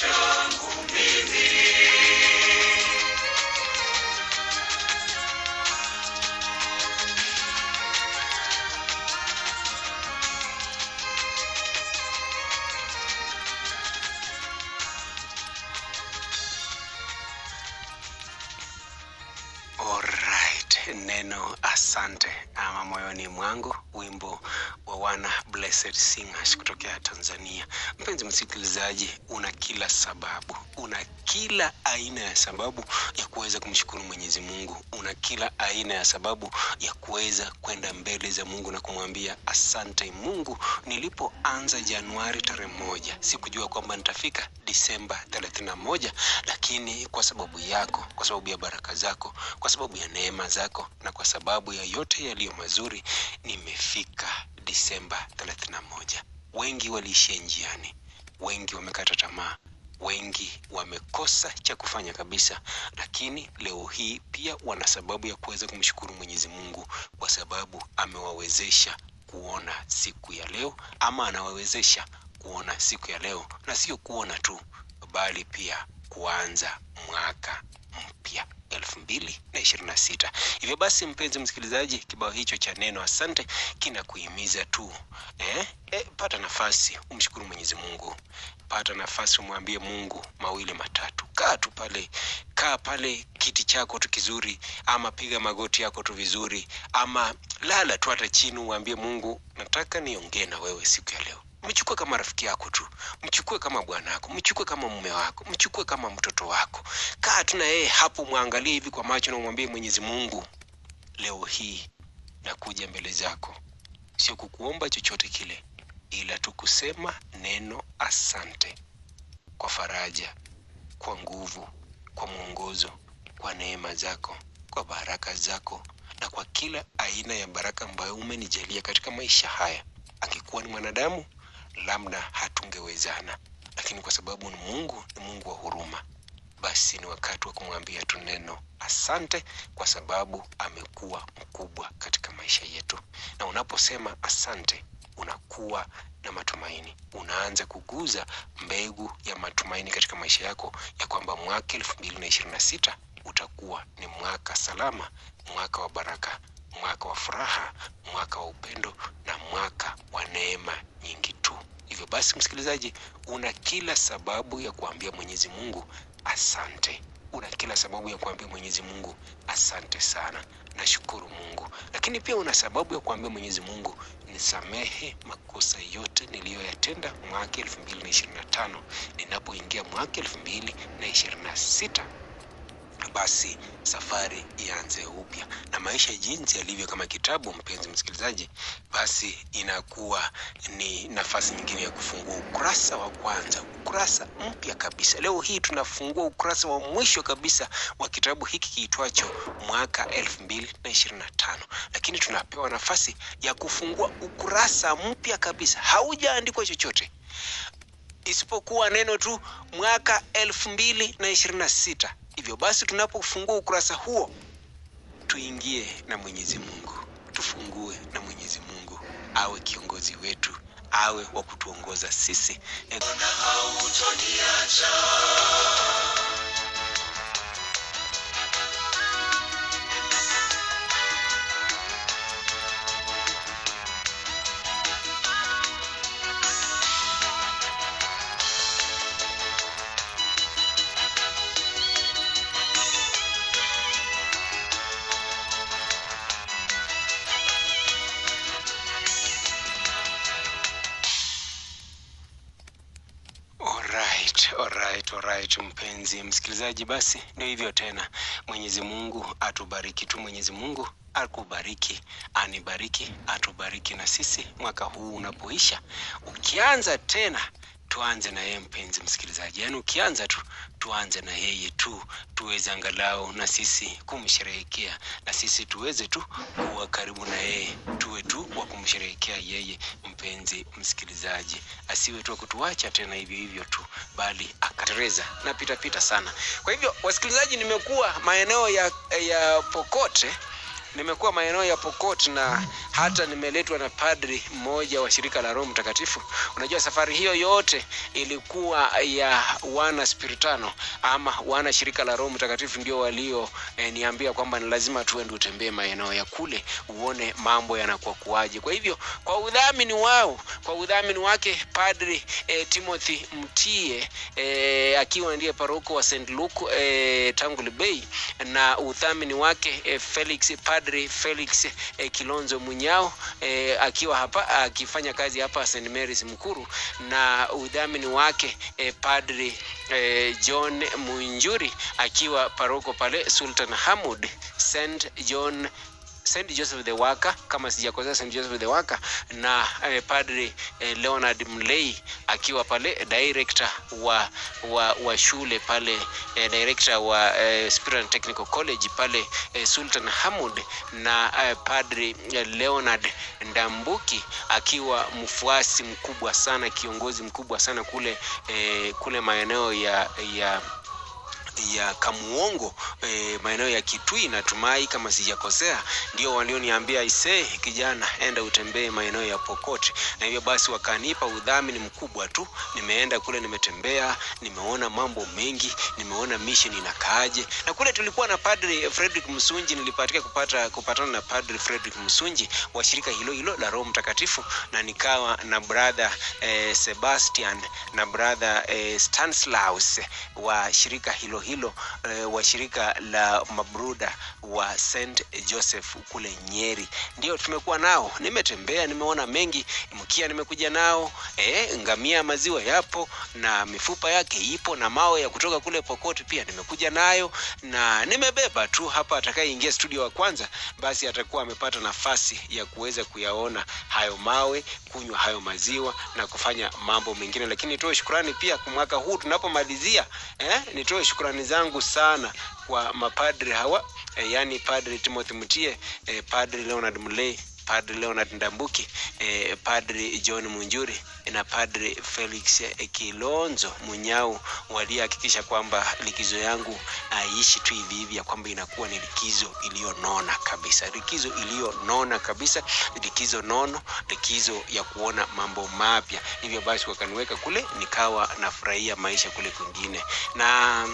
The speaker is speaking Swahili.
Alright, neno asante ama moyoni mwangu, wimbo wa wana Blessed Singers kutokea Tanzania. Mpenzi msikilizaji, una kila sababu, una kila aina ya sababu ya kuweza kumshukuru Mwenyezi Mungu, una kila aina ya sababu ya kuweza kwenda mbele za Mungu na kumwambia asante Mungu, nilipoanza Januari tarehe moja sikujua kwamba nitafika Disemba 31, lakini kwa sababu yako, kwa sababu ya baraka zako, kwa sababu ya neema zako na kwa sababu ya yote yaliyo mazuri nimefika. Disemba 31. Wengi waliishia njiani, wengi wamekata tamaa, wengi wamekosa cha kufanya kabisa, lakini leo hii pia wana sababu ya kuweza kumshukuru Mwenyezi Mungu kwa sababu amewawezesha kuona siku ya leo, ama anawawezesha kuona siku ya leo, na sio kuona tu, bali pia kuanza mwaka mpya na sita Hivyo basi, mpenzi msikilizaji, kibao hicho cha neno asante kinakuhimiza tu eh, eh, pata nafasi umshukuru Mwenyezi Mungu, pata nafasi umwambie Mungu mawili matatu. Kaa tu pale, kaa pale kiti chako tu kizuri, ama piga magoti yako tu vizuri, ama lala tu hata chini, uambie Mungu, nataka niongee na wewe siku ya leo mchukue kama rafiki yako tu, mchukue kama bwana wako, mchukue kama mume wako, mchukue kama mtoto wako. Kaa tu na yeye hapo, mwangalie hivi kwa macho na umwambie Mwenyezi Mungu, leo hii nakuja mbele zako, sio kukuomba chochote kile, ila tu kusema neno asante kwa faraja, kwa nguvu, kwa mwongozo, kwa neema zako, kwa baraka zako na kwa kila aina ya baraka ambayo umenijalia katika maisha haya. Angekuwa ni mwanadamu labda hatungewezana, lakini kwa sababu ni Mungu ni Mungu wa huruma, basi ni wakati wa kumwambia tu neno asante, kwa sababu amekuwa mkubwa katika maisha yetu. Na unaposema asante, unakuwa na matumaini, unaanza kuguza mbegu ya matumaini katika maisha yako ya kwamba mwaka elfu mbili na ishirini na sita utakuwa ni mwaka salama, mwaka wa baraka mwaka wa furaha, mwaka wa upendo na mwaka wa neema nyingi tu. Hivyo basi, msikilizaji, una kila sababu ya kuambia Mwenyezi Mungu asante. Una kila sababu ya kuambia Mwenyezi Mungu asante sana, nashukuru Mungu. Lakini pia una sababu ya kuambia Mwenyezi Mungu nisamehe makosa yote niliyoyatenda mwaka 2025 ninapoingia mwaka 2026 basi safari ianze upya. Na maisha jinsi yalivyo kama kitabu, mpenzi msikilizaji, basi inakuwa ni nafasi nyingine ya kufungua ukurasa wa kwanza, ukurasa mpya kabisa. Leo hii tunafungua ukurasa wa mwisho kabisa wa kitabu hiki kiitwacho Mwaka elfu mbili na tano lakini tunapewa nafasi ya kufungua ukurasa mpya kabisa, haujaandikwa chochote isipokuwa neno tu mwaka elfu mbili na ishirini na sita. Hivyo basi tunapofungua ukurasa huo, tuingie na Mwenyezi Mungu, tufungue na Mwenyezi Mungu awe kiongozi wetu, awe wa kutuongoza sisi. yetu mpenzi msikilizaji, basi ndio hivyo tena. Mwenyezi Mungu atubariki tu, Mwenyezi Mungu akubariki, anibariki, atubariki na sisi mwaka huu unapoisha, ukianza tena tuanze na yeye mpenzi msikilizaji, yaani ukianza tu tuanze na yeye tu, tuweze angalau na sisi kumsherehekea, na sisi tuweze tu kuwa karibu na yeye, tuwe tu wa kumsherehekea yeye. Mpenzi msikilizaji, asiwe tu kutuacha tena hivyo hivyo tu, bali akatereza na pitapita pita sana. Kwa hivyo, wasikilizaji, nimekuwa maeneo ya, ya Pokote Nimekuwa maeneo ya Pokot na hata nimeletwa na padri mmoja wa shirika la Roho Mtakatifu. Unajua safari hiyo yote ilikuwa ya wana Spiritano ama wana shirika la Roho Mtakatifu ndio walio eh, niambia kwamba ni lazima tuende utembee maeneo ya kule uone mambo yanakuwa kuaje. Kwa hivyo kwa udhamini wao, kwa udhamini wake padri eh, Timothy Mtie eh, akiwa ndiye paroko wa St. Luke eh, Tangu na udhamini wake eh, Felix padri Padri Felix eh, Kilonzo Munyao eh, akiwa hapa akifanya kazi hapa St Mary's Mkuru na udhamini wake eh, Padri eh, John Munjuri akiwa paroko pale Sultan Hamud St John St Joseph the Waka, kama sijakosea, St Joseph the Waka na eh, Padre eh, Leonard Mlei akiwa pale director wa, wa, wa shule pale eh, director wa eh, Spiritual Technical College pale eh, Sultan Hamud na eh, Padre eh, Leonard Ndambuki akiwa mfuasi mkubwa sana, kiongozi mkubwa sana kule, eh, kule maeneo ya, ya ya Kamuongo e, maeneo ya Kitui, na Tumai kama sijakosea, ndio walioniambia ise, kijana, enda utembee maeneo ya Pokot, na hivyo basi wakanipa udhamini mkubwa tu. Nimeenda kule, nimetembea, nimeona mambo mengi, nimeona mission inakaaje, na kule tulikuwa na Padre Frederick Msunji. Nilipatika kupata kupatana na Padre Frederick Msunji wa shirika hilo hilo la Roho Mtakatifu, na nikawa na brother eh, Sebastian na brother eh, Stanislaus wa shirika hilo hilo hilo eh, wa shirika la mabruda wa St Joseph kule Nyeri. Ndio tumekuwa nao, nimetembea, nimeona mengi. Mkia nimekuja nao eh, ngamia maziwa yapo na mifupa yake ipo na mawe ya kutoka kule Pokot pia nimekuja nayo na nimebeba tu hapa. Atakayeingia studio wa kwanza basi atakuwa amepata nafasi ya kuweza kuyaona hayo mawe, kunywa hayo maziwa na kufanya mambo mengine, lakini nitoe shukrani pia kwa mwaka huu tunapomalizia, eh, nitoe shukrani shukrani zangu sana kwa mapadri hawa e, yani Padri Timothy Mutie e, eh, Padri Leonard Mulei Padri Leonard Ndambuki e, Padri John Munjuri na Padri Felix Kilonzo Munyau walihakikisha kwamba likizo yangu aishi tu hivi hivi, ya kwamba inakuwa ni likizo iliyonona kabisa, likizo iliyonona kabisa, likizo nono, likizo ya kuona mambo mapya. Hivyo basi wakaniweka kule, nikawa nafurahia maisha kule kwingine na